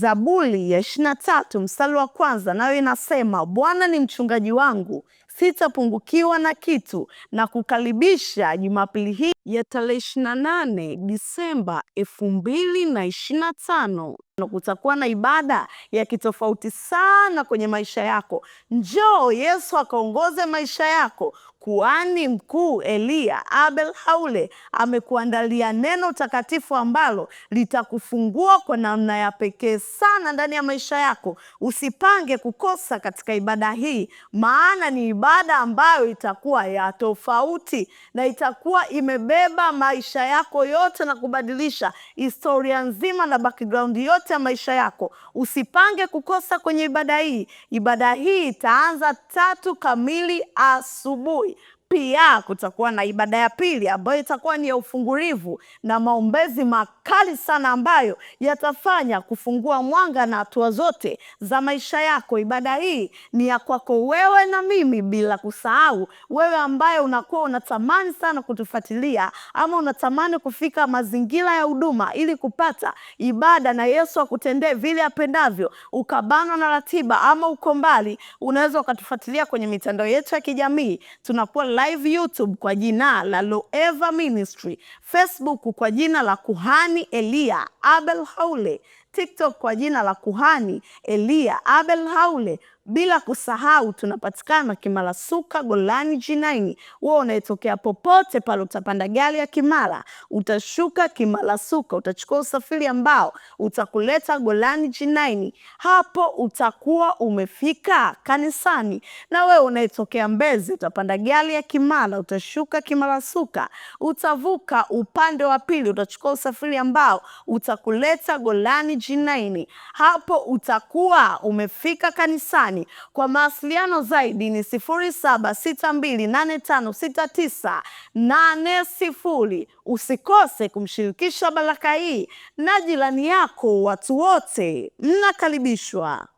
Zaburi ya ishirini na tatu mstari wa kwanza nayo inasema, Bwana ni mchungaji wangu, sitapungukiwa na kitu na kukaribisha Jumapili hii ya tarehe 28 Disemba 2025. Kutakuwa na ibada ya kitofauti sana kwenye maisha yako. Njoo Yesu akaongoze maisha yako. Kuhani mkuu Eliya Abel Haule amekuandalia neno takatifu ambalo litakufungua kwa namna ya pekee sana ndani ya maisha yako. Usipange kukosa katika ibada hii, maana ni ibada ibada ambayo itakuwa ya tofauti na itakuwa imebeba maisha yako yote na kubadilisha historia nzima na background yote ya maisha yako. Usipange kukosa kwenye ibada hii. Ibada hii itaanza tatu kamili asubuhi. Pia kutakuwa na ibada ya pili ambayo itakuwa ni ya ufungulivu na maombezi makali sana ambayo yatafanya kufungua mwanga na hatua zote za maisha yako. Ibada hii ni ya kwako wewe na mimi, bila kusahau wewe ambaye unakuwa unatamani sana kutufuatilia ama unatamani kufika mazingira ya huduma ili kupata ibada na Yesu akutendee vile apendavyo. Ukabanwa na ratiba ama uko mbali, unaweza ukatufuatilia kwenye mitandao yetu ya kijamii tunakuwa live YouTube kwa jina la Loeva Ministry, Facebook kwa jina la Kuhani Elia Abel Haule TikTok kwa jina la Kuhani Eliah Abel Haule. Bila kusahau tunapatikana Kimara Suka, Golani G9. Wewe unayetokea popote pale, utapanda gari ya Kimara, utashuka Kimara Suka, utachukua usafiri ambao utakuleta Golani G9. Hapo utakuwa umefika kanisani. Na wewe unayetokea Mbezi, utapanda gari ya Kimara, utashuka Kimara Suka, utavuka upande wa pili, utachukua usafiri ambao utakuleta Golani G9. 29 hapo utakuwa umefika kanisani. Kwa mawasiliano zaidi ni sifuri. Usikose kumshirikisha baraka hii na jirani yako. Watu wote mnakaribishwa.